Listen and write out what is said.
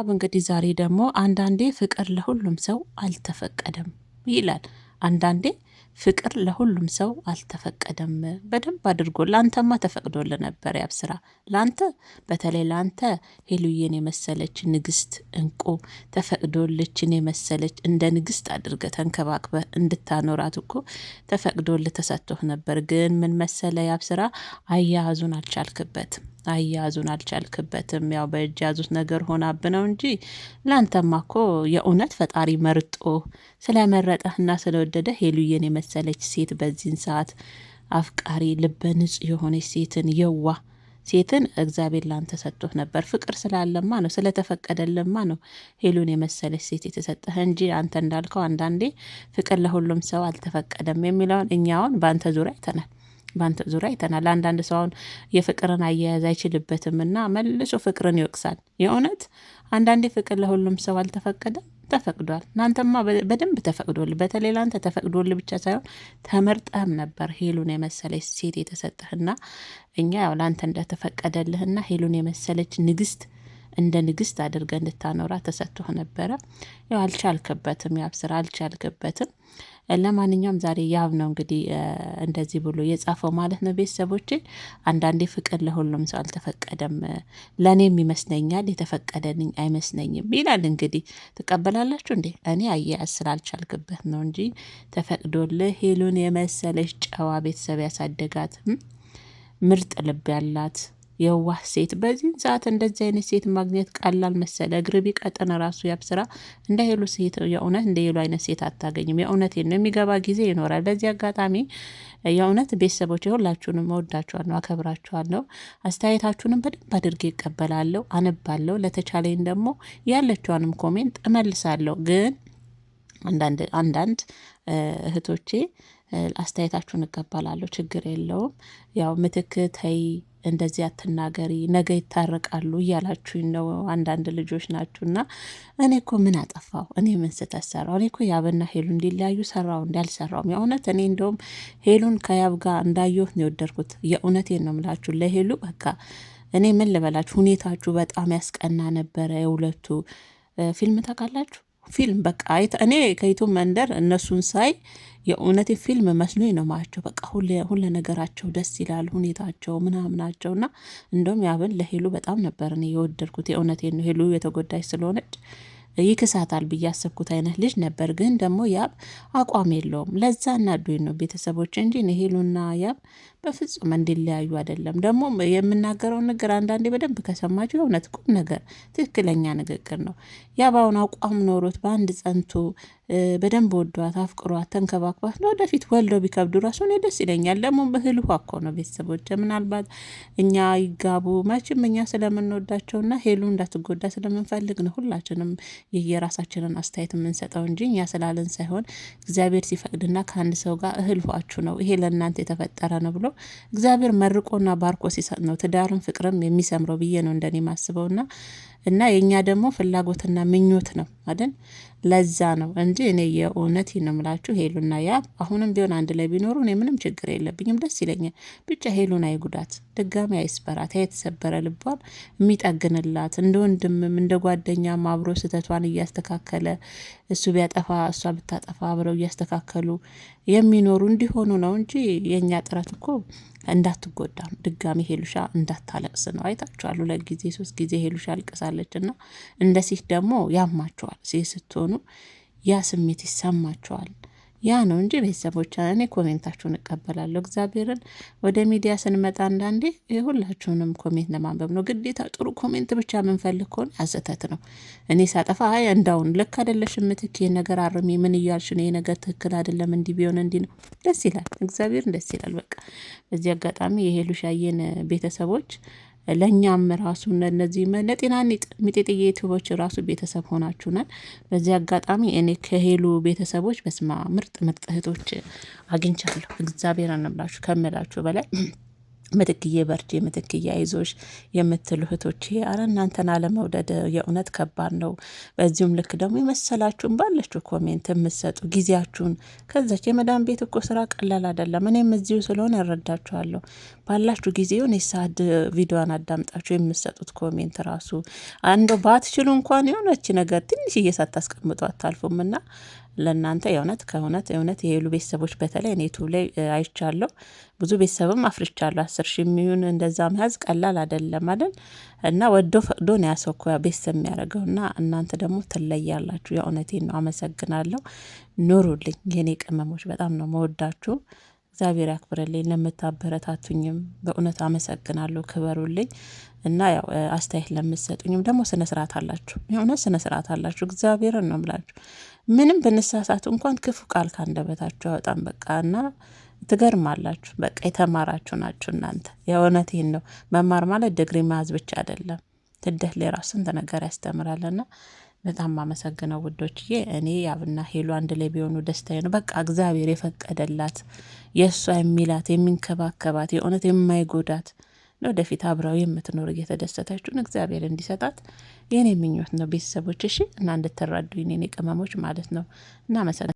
አብ እንግዲህ ዛሬ ደግሞ አንዳንዴ ፍቅር ለሁሉም ሰው አልተፈቀደም ይላል። አንዳንዴ ፍቅር ለሁሉም ሰው አልተፈቀደም። በደንብ አድርጎ ለአንተማ ተፈቅዶል ነበር ስራ ለአንተ በተለይ ለአንተ ሄሉዬን የመሰለች ንግስት እንቁ ተፈቅዶልችን የመሰለች እንደ ንግስት አድርገ ተንከባክበ እንድታኖራት እኮ ተፈቅዶል ተሰጥቶህ ነበር። ግን ምን መሰለ ያብ ስራ አያያዙን አልቻልክበትም። አያያዙን አልቻልክበትም። ያው በእጅ ያዙት ነገር ሆናብ ነው እንጂ ላንተማ እኮ የእውነት ፈጣሪ መርጦ ስለመረጠህና ስለወደደ ሄሉዬን የመሰለች ሴት በዚህን ሰዓት አፍቃሪ፣ ልበ ንጹሕ የሆነች ሴትን የዋ ሴትን እግዚአብሔር ላንተ ሰጥቶህ ነበር። ፍቅር ስላለማ ነው ስለተፈቀደልማ ነው ሄሉን የመሰለች ሴት የተሰጠህ እንጂ አንተ እንዳልከው አንዳንዴ ፍቅር ለሁሉም ሰው አልተፈቀደም የሚለውን እኛውን በአንተ ዙሪያ አይተናል። በአንተ ዙሪያ አይተናል። አንዳንድ ሰው አሁን የፍቅርን አያያዝ አይችልበትም እና መልሶ ፍቅርን ይወቅሳል። የእውነት አንዳንዴ ፍቅር ለሁሉም ሰው አልተፈቀደም። ተፈቅዷል። እናንተማ በደንብ ተፈቅዶል። በተለይ ላንተ ተፈቅዶል ብቻ ሳይሆን ተመርጠህም ነበር። ሄሉን የመሰለች ሴት የተሰጠህና እኛ ያው ለአንተ እንደተፈቀደልህና ሄሉን የመሰለች ንግስት እንደ ንግስት አድርገ እንድታኖራ ተሰጥቶህ ነበረ። ያው አልቻልክበትም፣ ያብ ስራ አልቻልክበትም። ለማንኛውም ዛሬ ያብ ነው እንግዲህ እንደዚህ ብሎ የጻፈው ማለት ነው። ቤተሰቦቼ አንዳንዴ ፍቅር ለሁሉም ሰው አልተፈቀደም፣ ለእኔም ይመስለኛል የተፈቀደልኝ አይመስለኝም ይላል። እንግዲህ ትቀበላላችሁ እንዴ? እኔ አያያዝ ስላልቻልክበት ነው እንጂ ተፈቅዶልህ ሄሉን የመሰለች ጨዋ ቤተሰብ ያሳደጋት ምርጥ ልብ ያላት የዋህ ሴት። በዚህን ሰዓት እንደዚህ አይነት ሴት ማግኘት ቀላል መሰለ። እግር ቢቀጥን ራሱ ያብስራ። እንደ ሄሉ ሴት የእውነት እንደ ሄሉ አይነት ሴት አታገኝም። የእውነት ነው የሚገባ ጊዜ ይኖራል። በዚህ አጋጣሚ የእውነት ቤተሰቦች ሁላችሁንም እወዳችኋለሁ፣ አከብራችኋለሁ። አስተያየታችሁንም በደንብ አድርጌ ይቀበላለሁ፣ አነባለሁ። ለተቻለኝ ደግሞ ያለችዋንም ኮሜንት እመልሳለሁ ግን አንዳንድ አንዳንድ እህቶቼ አስተያየታችሁን እቀበላለሁ፣ ችግር የለውም። ያው ምትክ ተይ እንደዚህ አትናገሪ፣ ነገ ይታረቃሉ እያላችሁኝ ነው። አንዳንድ ልጆች ናችሁ ናችሁና እኔ እኮ ምን አጠፋው? እኔ ምን ስህተት ሰራው? እኔ እኮ ያብና ሄሉ እንዲለያዩ ሰራው እንዳልሰራውም የእውነት እኔ እንደውም ሄሉን ከያብ ጋር እንዳየሁት ነው የወደድኩት። የእውነቴን ነው ምላችሁ ለሄሉ በቃ እኔ ምን ልበላችሁ፣ ሁኔታችሁ በጣም ያስቀና ነበረ የሁለቱ ፊልም ታውቃላችሁ ፊልም በቃ እኔ ከዩቱብ መንደር እነሱን ሳይ የእውነት ፊልም መስሎኝ ነው ማያቸው። በቃ ሁለ ነገራቸው ደስ ይላል፣ ሁኔታቸው ምናምናቸው እና እንደውም ያብን ለሄሉ በጣም ነበር እኔ የወደድኩት። የእውነቴን ነው ሄሉ የተጎዳች ስለሆነች ይክሳታል ብዬ ያሰብኩት አይነት ልጅ ነበር። ግን ደግሞ ያብ አቋም የለውም። ለዛ እናዱኝ ነው ቤተሰቦች እንጂ ሄሉና ያብ በፍጹም እንዲለያዩ አይደለም። ደግሞ የምናገረው ንግግር አንዳንዴ በደንብ ከሰማችሁ የእውነት ቁም ነገር ትክክለኛ ንግግር ነው። ያብ አሁን አቋም ኖሮት በአንድ ጸንቶ በደንብ ወዷት አፍቅሯት ተንከባክባት ለወደፊት ወልደው ቢከብዱ ራሱ እኔ ደስ ይለኛል። ደግሞ እህል አኮ ነው ቤተሰቦች። ምናልባት እኛ ይጋቡ መቼም እኛ ስለምንወዳቸውና ሄሉ እንዳትጎዳ ስለምንፈልግ ነው ሁላችንም የየራሳችንን አስተያየት የምንሰጠው እንጂ እኛ ስላለን ሳይሆን እግዚአብሔር ሲፈቅድና ከአንድ ሰው ጋር እህል ውሃችሁ ነው ይሄ ለእናንተ የተፈጠረ ነው ብሎ እግዚአብሔር መርቆና ባርኮ ሲሰጥ ነው ትዳርን ፍቅርም የሚሰምረው ብዬ ነው እንደኔ ና እና የእኛ ደግሞ ፍላጎትና ምኞት ነው አይደል ለዛ ነው እንጂ እኔ የእውነት ነው የምላችሁ ሄሉና ያብ አሁንም ቢሆን አንድ ላይ ቢኖሩ እኔ ምንም ችግር የለብኝም፣ ደስ ይለኛል። ብቻ ሄሉን አይጉዳት፣ ድጋሚ አይስበራት። የተሰበረ ልቧን የሚጠግንላት እንደ ወንድምም እንደ ጓደኛም አብሮ ስህተቷን እያስተካከለ እሱ ቢያጠፋ እሷ ብታጠፋ አብረው እያስተካከሉ የሚኖሩ እንዲሆኑ ነው እንጂ የእኛ ጥረት እኮ እንዳትጎዳ ነው። ድጋሚ ሄሉሻ እንዳታለቅስ ነው። አይታችኋል፣ ሁለት ጊዜ ሶስት ጊዜ ሄሉሻ አልቅሳለች። እና እንደ ደግሞ ያማቸዋል ሴ ስትሆኑ ስትሆኑ ያ ስሜት ይሰማቸዋል። ያ ነው እንጂ ቤተሰቦች፣ እኔ ኮሜንታችሁን እቀበላለሁ። እግዚአብሔርን ወደ ሚዲያ ስንመጣ አንዳንዴ የሁላችሁንም ኮሜንት ለማንበብ ነው ግዴታ። ጥሩ ኮሜንት ብቻ የምንፈልግ ከሆነ ሐሰተት ነው። እኔ ሳጠፋ አይ እንዳሁን ልክ አይደለሽም ምትክ፣ ይህ ነገር አርሚ፣ ምን እያልሽ ነው? ይሄ ነገር ትክክል አይደለም፣ እንዲህ ቢሆን እንዲህ ነው። ደስ ይላል፣ እግዚአብሔርን ደስ ይላል። በቃ በዚህ አጋጣሚ የሄሉሻዬን ቤተሰቦች ለእኛም ራሱ እነዚህ ለጤና ሚጤጥዬ ዩቱቦች ራሱ ቤተሰብ ሆናችሁናል። በዚህ አጋጣሚ እኔ ከሄሉ ቤተሰቦች በስማ ምርጥ ምርጥ እህቶች አግኝቻለሁ። እግዚአብሔር አነብላችሁ ከምላችሁ በላይ ምትክዬ በርቺ፣ ምትክዬ አይዞሽ የምትል እህቶቼ፣ አረ እናንተን አለመውደድ የእውነት ከባድ ነው። በዚሁም ልክ ደግሞ የመሰላችሁን ባለችው ኮሜንት የምትሰጡ ጊዜያችሁን ከዛች የመዳን ቤት እኮ ስራ ቀላል አይደለም። እኔም እዚሁ ስለሆነ እረዳችኋለሁ። ባላችሁ ጊዜ የሆነ ቪዲዮን አዳምጣችሁ የምትሰጡት ኮሜንት ራሱ አንዶ ባትችሉ እንኳን የሆነች ነገር ትንሽ እየሳት ታስቀምጡ አታልፉም እና ለእናንተ የእውነት ከእውነት የእውነት የሄሉ ቤተሰቦች በተለይ እኔ ዩቱብ ላይ አይቻለሁ። ብዙ ቤተሰብም አፍርቻለሁ። አስር ሺ የሚሆን እንደዛ መያዝ ቀላል አይደለም አይደል? እና ወዶ ፈቅዶ ነው ያሰው ቤተሰብ የሚያደርገው እና እናንተ ደግሞ ትለያላችሁ። የእውነቴን ነው። አመሰግናለሁ። ኑሩልኝ የኔ ቅመሞች፣ በጣም ነው መወዳችሁ። እግዚአብሔር ያክብርልኝ። ለምታበረታቱኝም በእውነት አመሰግናለሁ። ክበሩልኝ እና ያው አስተያየት ለምትሰጡኝም ደግሞ ስነ ስርዓት አላችሁ። የሆነ ስነ ስርዓት አላችሁ። እግዚአብሔርን ነው ብላችሁ ምንም ብንሳሳት እንኳን ክፉ ቃል ካንደበታችሁ አይወጣም። በቃ እና ትገርማላችሁ። በቃ የተማራችሁ ናችሁ እናንተ። የእውነት ይህን ነው መማር ማለት ዲግሪ መያዝ ብቻ አይደለም። ትደህ ራሱ ስንት ነገር ያስተምራልና በጣም ማመሰግነው ውዶችዬ። እኔ ያብና ሄሉ አንድ ላይ ቢሆኑ ደስታዬ ነው። በቃ እግዚአብሔር የፈቀደላት የእሷ የሚላት የሚንከባከባት የእውነት የማይጎዳት ለወደፊት አብረው የምትኖር እየተደሰታችሁን እግዚአብሔር እንዲሰጣት የኔ ምኞት ነው። ቤተሰቦች እሺ፣ እና እንድትረዱ የኔ ቅመሞች ማለት ነው። እናመሰግናለን።